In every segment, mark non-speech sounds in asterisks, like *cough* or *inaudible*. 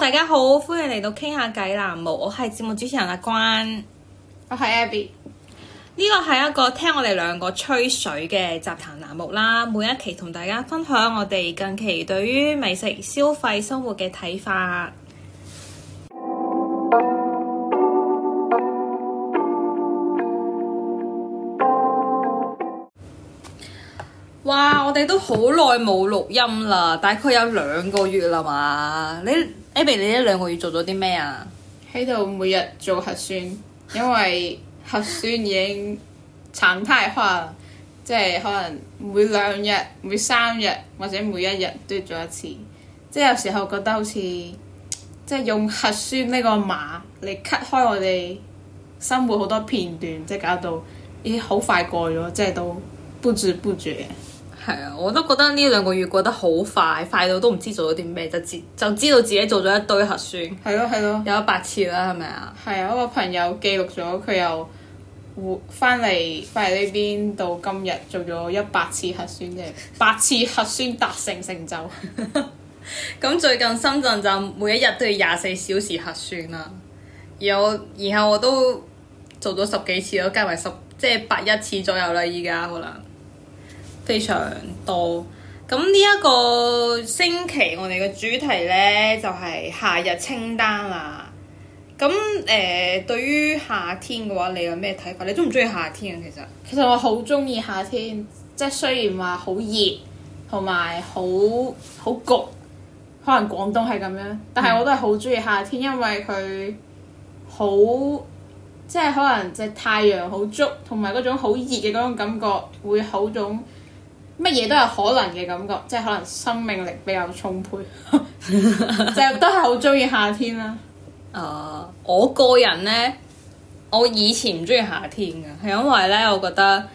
大家好，歡迎嚟到傾下偈欄目，我係節目主持人阿關，我係 Abby。呢個係一個聽我哋兩個吹水嘅雜談欄目啦，每一期同大家分享我哋近期對於美食、消費、生活嘅睇法。 *noise* 哇，我哋都好耐冇錄音啦，大概有兩個月啦嘛，你？你呢兩個月做咗啲咩啊？喺度每日做核酸，因為核酸已經常態化，即係 *laughs* 可能每兩日、每三日或者每一日都要做一次。即係有時候覺得好似即係用核酸呢個碼嚟 cut 開我哋生活好多片段，即係搞到咦好快過咗，即係都不知不覺。係啊，我都覺得呢兩個月過得好快，快到都唔知做咗啲咩，就知就知道自己做咗一堆核酸。係咯係咯，有一百次啦，係咪啊？係啊，啊，我個朋友記錄咗佢又回，回翻嚟翻嚟呢邊到今日做咗一百次核酸嘅，八次核酸達成成就。咁、 *laughs* 嗯、最近深圳就每一日都要廿四小時核酸啦，有然後我都做咗十幾次咯，加埋十即係八一次左右啦，依家可能。非常多咁，呢一個星期我哋嘅主題呢，就係、是、夏日清單啦。咁誒、呃，對於夏天嘅話，你有咩睇法？你中唔中意夏天啊？其實，其實我好中意夏天，即係雖然話好熱，同埋好好焗，可能廣東係咁樣，但係我都係好中意夏天，嗯、因為佢好即係可能只太陽好足，同埋嗰種好熱嘅嗰種感覺會好種。乜嘢都有可能嘅感覺，即係可能生命力比較充沛，就都係好中意夏天啦，啊。誒，uh, 我個人呢，我以前唔中意夏天嘅，係因為呢，我覺得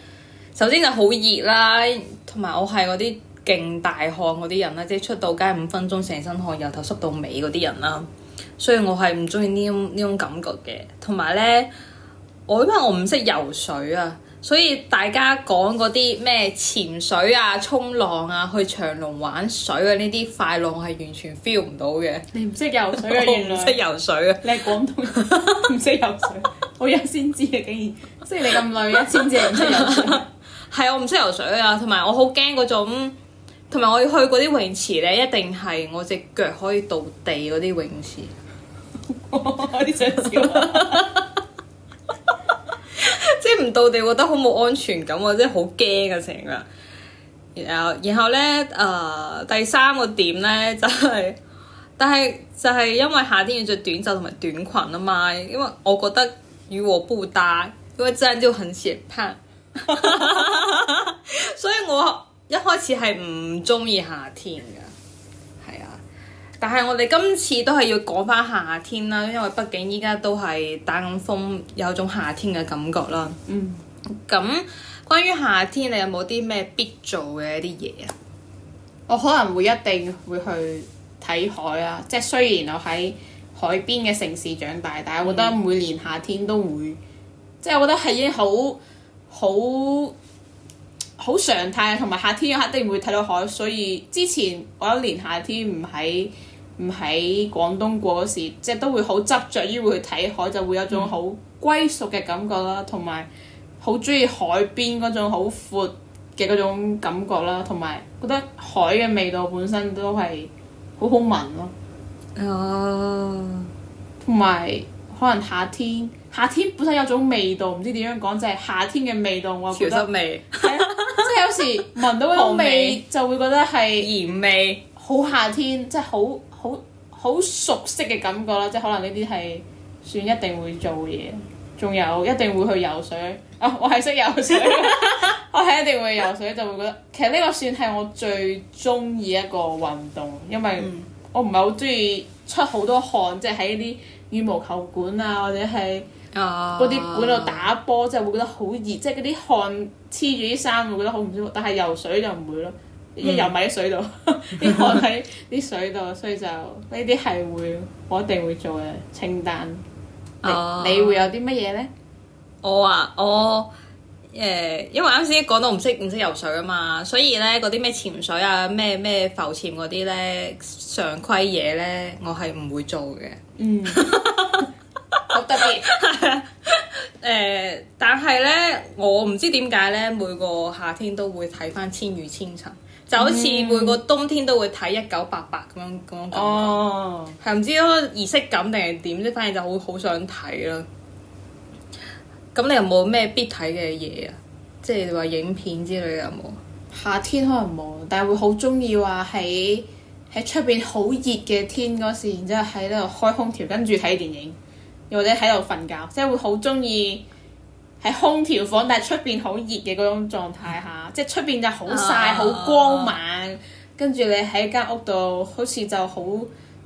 首先就好熱啦，同埋我係嗰啲勁大汗嗰啲人啦，即係出到街五分鐘，成身汗由頭濕到尾嗰啲人啦，所以我係唔中意呢種呢種感覺嘅。同埋呢，我因為我唔識游水啊。所以大家講嗰啲咩潛水啊、衝浪啊、去長隆玩水啊，呢啲快樂，我係完全 feel 唔到嘅。你唔識游水嘅原來？唔識游水啊？你係廣東人唔識 *laughs* 游水，我一先知啊！竟然即係你咁耐一先知唔識游水，係 *laughs* *laughs* 我唔識游水啊！同埋我好驚嗰種，同埋我要去嗰啲泳池咧，一定係我隻腳可以到地嗰啲泳池。我好想笑。， *laughs* *laughs* *laughs* 即係唔到地，我覺得好冇安全感，即係好驚啊成日。然後然後咧，誒、呃、第三個點咧就係、是，但係就係、是，因為夏天要着短袖同埋短裙啊嘛，因為我覺得與我不搭，因為真係就很顯胖， *laughs* *laughs* 所以我一開始係唔中意夏天嘅。但係我哋今次都係要講翻夏天啦，因為畢竟依家都係打緊風，有種夏天嘅感覺啦。嗯，咁關於夏天，你有冇啲咩必做嘅一啲嘢啊？我可能會一定會去睇海啊，即係雖然我喺海邊嘅城市長大，但係我覺得每年夏天都會，嗯、即係我覺得係已經好好好常態，同埋夏天一定會睇到海。所以之前我一年夏天唔喺。唔喺廣東過嗰時，即係都會好執着於會去睇海，就會有種好歸屬嘅感覺啦，同埋好中意海邊嗰種好闊嘅嗰種感覺啦，同埋覺得海嘅味道本身都係好好聞咯、啊。哦，同埋可能夏天，夏天本身有種味道，唔知點樣講，就係夏天嘅味道，我覺得潮濕味， *laughs* 哎、即係有時聞到嗰種味，就會覺得係鹽味，好夏天，即係好。好好熟悉嘅感覺啦，即係可能呢啲係算一定會做嘢，仲有一定會去游水。啊，我係識游水， *laughs* *laughs* 我係一定會游水，就會覺得其實呢個算係我最中意一個運動，因為我唔係好中意出好多汗，即係喺啲羽毛球館啊或者係嗰啲館度打波，即係、oh. 會覺得好熱，即係嗰啲汗黐住啲衫，我覺得好唔舒服。但係游水就唔會咯。一游咪喺水度，啲 *laughs* 放喺啲水度，所以就呢啲係會，我一定會做嘅清單、uh, 你。你會有啲乜嘢呢？我啊，我誒、呃，因為啱先講到唔識唔識游水啊嘛，所以呢嗰啲咩潛水啊、咩咩浮潛嗰啲呢，常規嘢呢，我係唔會做嘅。嗯，好特別。誒、 *laughs* 呃，但係呢，我唔知點解呢，每個夏天都會睇翻千與千尋。就好似每個冬天都會睇一九八八咁樣咁樣感，係唔知嗰個儀式感定係點，即反而就好好想睇咯。咁你有冇咩必睇嘅嘢啊？即係話影片之類嘅有冇？夏天可能冇，但係會好中意話喺喺出邊好熱嘅天嗰時，然之後喺度開空調跟住睇電影，又或者喺度瞓覺，即係會好中意。喺空調房，但係出邊好熱嘅嗰種狀態下，嗯、即係出邊就好晒、好光猛，跟住你喺間屋度，好似就好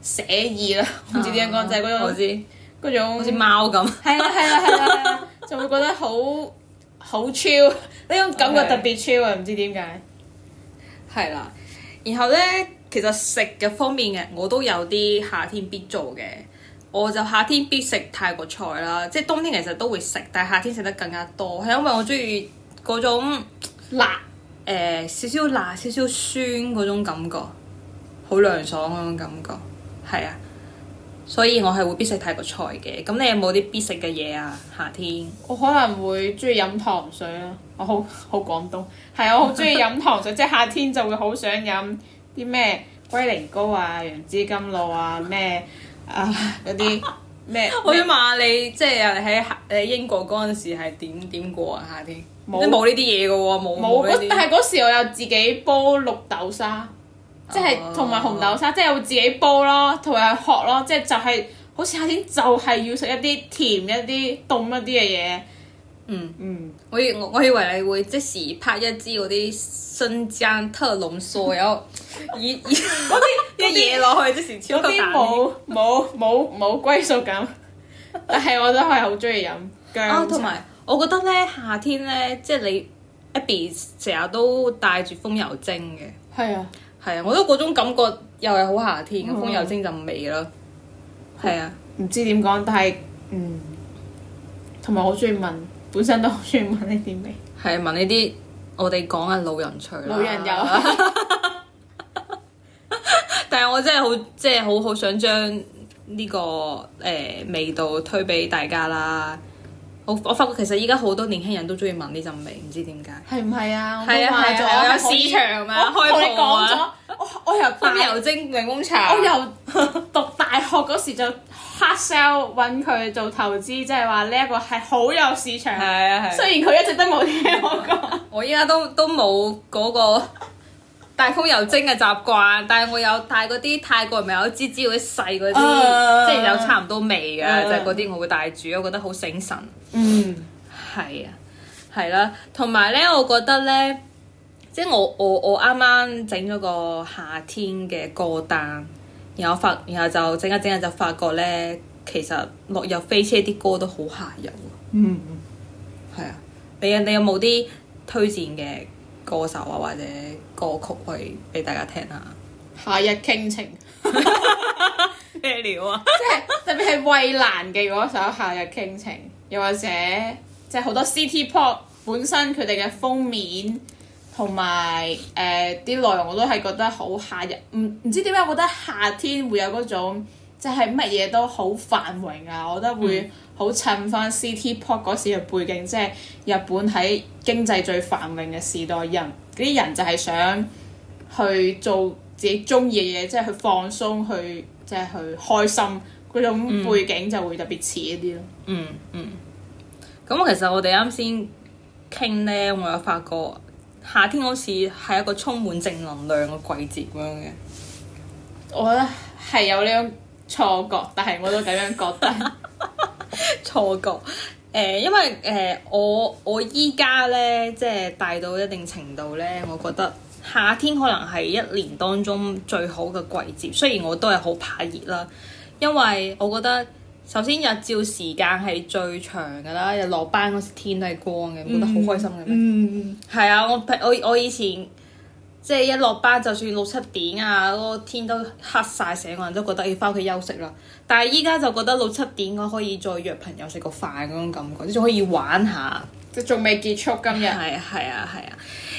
寫意啦，唔知點樣講，就係嗰種嗰種好似貓咁，係啦係啦係啦，就會覺得好好 chill，呢種感覺特別 chill，唔知點解。係啦、okay, 嗯，然後咧，其實食嘅方面嘅，我都有啲夏天必做嘅。我就夏天必食泰國菜啦，即係冬天其實都會食，但係夏天食得更加多，係因為我中意嗰種辣，誒、呃、少少辣少少酸嗰種感覺，好涼爽嗰種感覺，係啊。所以我係會必食泰國菜嘅。咁你有冇啲必食嘅嘢啊？夏天我可能會中意飲糖水啊。我好好廣東，係、啊、我好中意飲糖水， *laughs* 即係夏天就會好想飲啲咩龜苓膏啊、楊枝甘露啊咩。啊！啲咩？我想問下你，即係喺誒英國嗰陣時係點點過啊夏天？冇冇呢啲嘢嘅喎，冇冇沒但係嗰時我又自己煲綠豆沙，即係同埋紅豆沙，即係我自己煲咯，同埋去殼咯，即係就係、是就是、好似夏天就係要食一啲甜一啲凍一啲嘅嘢。嗯嗯，我我我以為你會即時拍一支嗰啲新疆特濃素有。 *laughs* *laughs* 以嗰啲啲嘢落去即時，超冇冇冇冇歸屬感。 *laughs* *laughs* 但係我都係好中意飲薑啊。同埋我覺得咧，夏天咧，即係你 Abby 成日都帶住風油精嘅。係啊，係啊，我覺得嗰種感覺又係好夏天嘅，嗯、風油精陣味咯。係啊，唔知點講，但係嗯，同埋好中意問，本身都好中意問呢啲味。係、啊，問呢啲，我哋講緊老人趣。老人有。 *laughs* 但係我真係好，即係好好想將呢、這個誒、呃、味道推俾大家啦。我我發覺其實依家好多年輕人都中意聞呢陣味，唔知點解。係唔係啊？係啊，仲有、啊、市場嘛？我我入油精檸檬茶，我又讀大學嗰時就 hard sell 搵佢做投資，即係話呢一個係好有市場。係啊係。啊啊雖然佢一直都冇聽我講。 *laughs* 我依家都都冇嗰、那個。 *laughs* 大風油精嘅習慣，但係我有帶嗰啲泰國咪有支支嗰啲細嗰啲，uh, uh, uh, uh, 即係有差唔多味嘅，uh, uh, uh, 就係嗰啲我會帶住，我覺得好醒神。嗯，係啊，係啦、啊，同埋咧，我覺得咧，即係我我我啱啱整咗個夏天嘅歌單，然後發，然後就整一整下就發覺咧，其實《落日飛車》啲歌都好夏日。嗯嗯，係啊，你有你有冇啲推薦嘅？歌手啊，或者歌曲去俾大家聽下《夏日傾情》咩料啊？即係特別係衛蘭嘅嗰首《夏日傾情》，又或者即係好多 City Pop 本身佢哋嘅封面同埋誒啲內容，我都係覺得好夏日。唔、嗯、唔知點解，我覺得夏天會有嗰種即係乜嘢都好繁榮啊！我覺得會。嗯好襯翻 City Pop 嗰時嘅背景，即係日本喺經濟最繁榮嘅時代，人嗰啲人就係想去做自己中意嘅嘢，即係去放鬆，去即係去開心，嗰種背景就會特別似一啲咯。嗯嗯。嗯嗯，咁其實我哋啱先傾咧，我有發覺夏天好似係一個充滿正能量嘅季節咁樣嘅，我覺得係有呢。錯覺，但係我都咁樣覺得 *laughs* 錯覺。誒、呃，因為誒、呃、我我依家咧，即係大到一定程度咧，我覺得夏天可能係一年當中最好嘅季節。雖然我都係好怕熱啦，因為我覺得首先日照時間係最長㗎啦，又落班嗰時天，天都係光嘅，嗯、我覺得好開心嘅。嗯，係啊，我我我以前。即係一落班，就算六七點啊，嗰個天都黑晒，成個人都覺得要翻屋企休息啦。但係依家就覺得六七點我可以再約朋友食個飯嗰種感覺，你仲可以玩下。即仲未結束今日。係啊係啊係啊！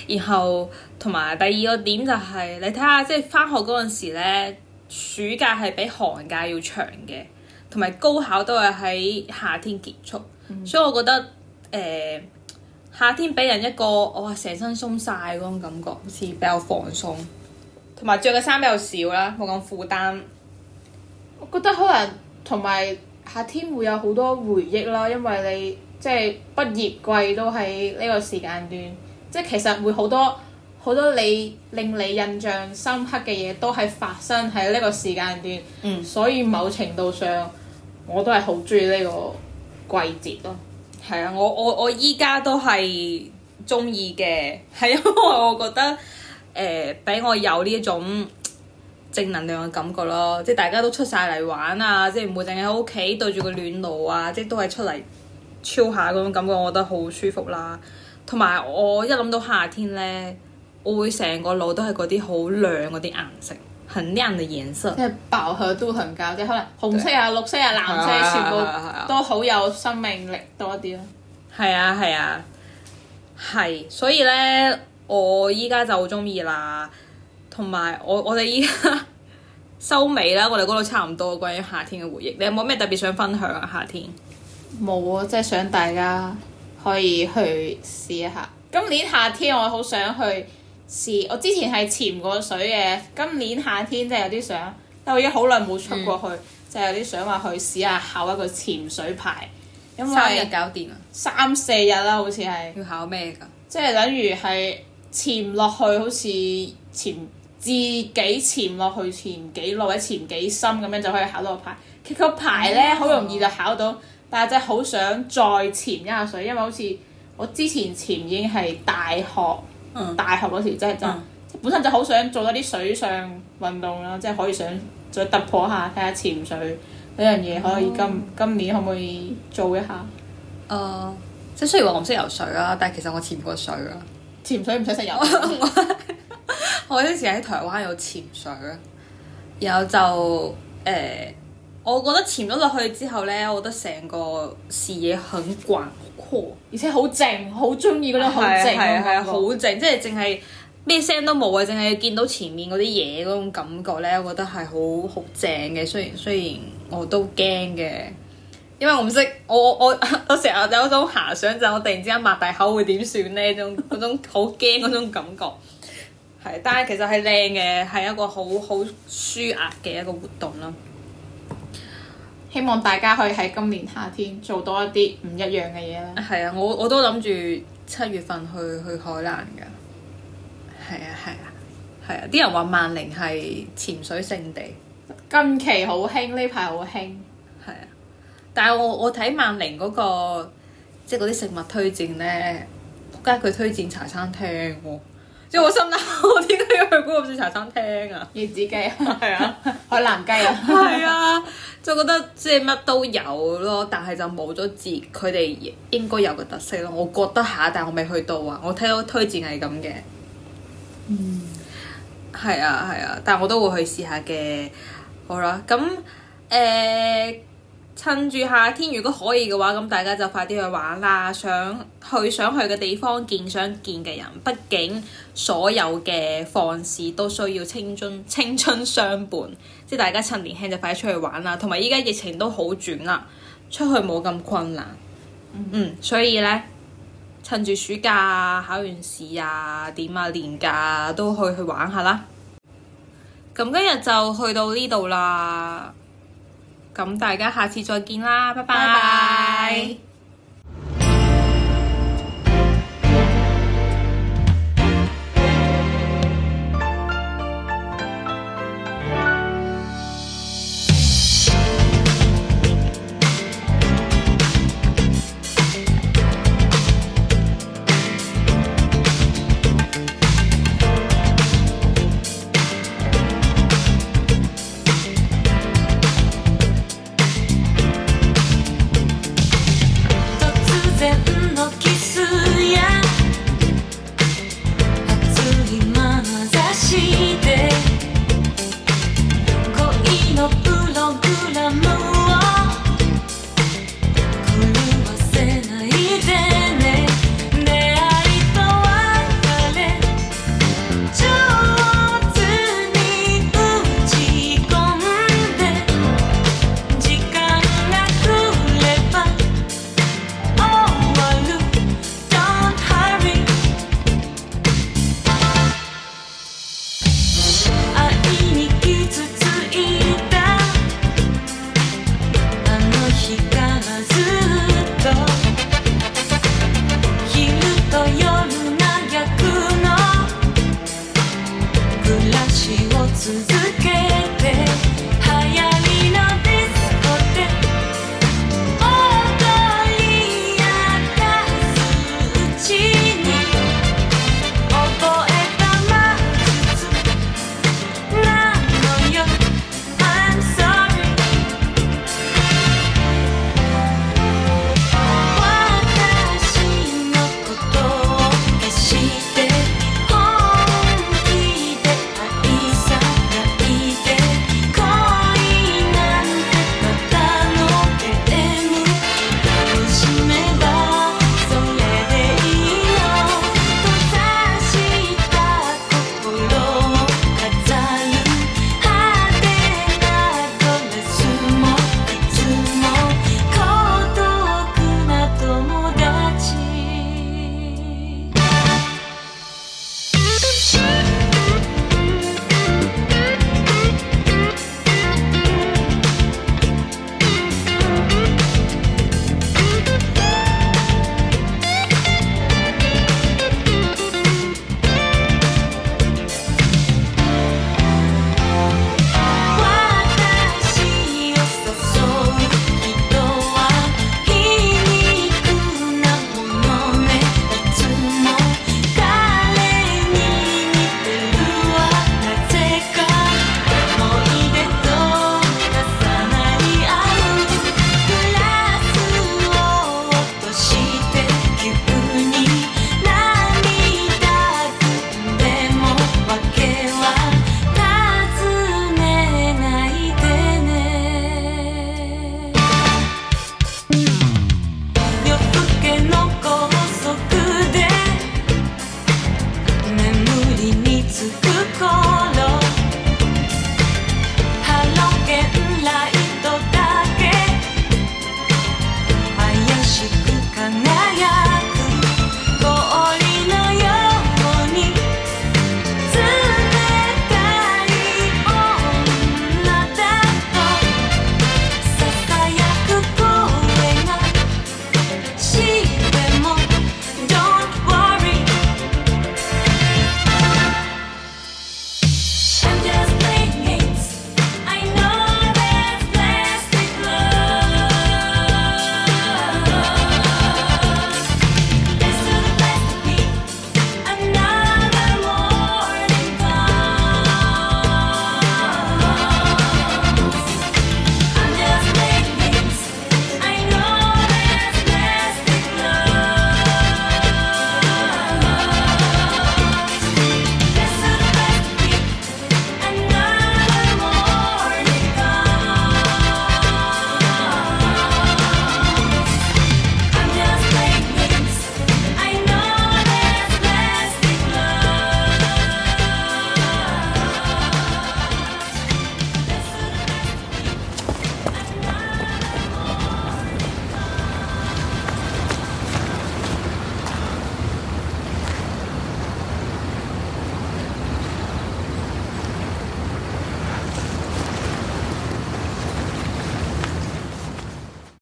然後同埋第二個點就係、是、你睇下，即係翻學嗰陣時咧，暑假係比寒假要長嘅，同埋高考都係喺夏天結束，嗯、所以我覺得誒。呃夏天俾人一個，哇成身鬆晒嗰種感覺，好似比較放鬆，同埋着嘅衫比較少啦，冇咁負擔。我覺得可能同埋夏天會有好多回憶啦，因為你即係畢業季都喺呢個時間段，即係其實會好多好多你令你印象深刻嘅嘢都係發生喺呢個時間段。嗯，所以某程度上我都係好中意呢個季節咯。係啊，我我我依家都係中意嘅，係因為我覺得誒俾、呃、我有呢一種正能量嘅感覺咯，即係大家都出晒嚟玩啊，即係唔會淨係喺屋企對住個暖爐啊，即係都係出嚟 chill 下嗰種感覺，我覺得好舒服啦。同埋我一諗到夏天咧，我會成個腦都係嗰啲好亮嗰啲顏色。很亮的顏色，即係飽和度很高，即係可能紅色啊、綠色啊、藍色對，全部都好有生命力多啲咯。係 *noise* 啊，係啊，係、啊。所以呢，我依家就好中意啦。同埋，我我哋依家收尾啦，我哋嗰度差唔多關於夏天嘅回憶。你有冇咩特別想分享啊？夏天冇啊，即係想大家可以去試一下。今年夏天我好想去。試我之前係潛過水嘅，今年夏天真係有啲想，但我已經好耐冇出過去，嗯、就係有啲想話去試下考一個潛水牌。因為三日搞掂啊！三四日啦，好似係。要考咩㗎？即係等於係潛落去，好似潛自己潛落去潛幾耐或者潛幾深咁樣就可以考到個牌。其實個牌咧好、嗯、容易就考到，嗯、但係真係好想再潛一下水，因為好似我之前潛已經係大學。大學嗰時真係就本身就好想做一啲水上運動啦，嗯、即係可以想再突破下睇下潛水嗰樣嘢，可以今、哦、今年可唔可以做一下？誒、呃，即係雖然話我唔識游水啦，但係其實我潛過水啦。潛水唔使識游， *laughs* 我嗰陣時喺台灣有潛水啦。然後就誒、呃，我覺得潛咗落去之後咧，我覺得成個視野很廣。而且好正，好中意嗰種好正。好正，即係淨係咩聲都冇啊，淨係見到前面嗰啲嘢嗰種感覺咧，我覺得係好好正嘅。雖然，雖然我都驚嘅，因為我唔識，我我我成日有種遐想就我突然之間擘大口會點算呢？嗰種嗰種好驚嗰種感覺。係， *laughs* 但係其實係靚嘅，係一個好好舒壓嘅一個活動咯。希望大家可以喺今年夏天做多一啲唔一樣嘅嘢啦。係啊，我我都諗住七月份去去海南㗎。係啊，係啊，係啊！啲人話萬寧係潛水勝地，近期好興，呢排好興。係啊，但係我我睇萬寧嗰個即係嗰啲食物推薦咧，仆街佢推薦茶餐廳喎。即係我心諗，我點解要去嗰個試茶餐廳啊？椰子雞啊，係啊，海南雞啊，係啊，就覺得即係乜都有咯，但係就冇咗字，佢哋應該有個特色咯。我覺得下，但我未去到啊，我睇到推薦係咁嘅。嗯，係啊係啊，但我都會去試下嘅。好啦，咁誒。欸趁住夏天，如果可以嘅話，咁大家就快啲去玩啦！想去想去嘅地方見，見想見嘅人。畢竟所有嘅放肆都需要青春青春相伴，即係大家趁年輕就快啲出去玩啦！同埋依家疫情都好轉啦，出去冇咁困難。 *laughs* 嗯，所以呢，趁住暑假、考完試啊、點啊、年假都去去玩下啦！咁今日就去到呢度啦～咁大家下次再見啦，拜拜 bye。Bye bye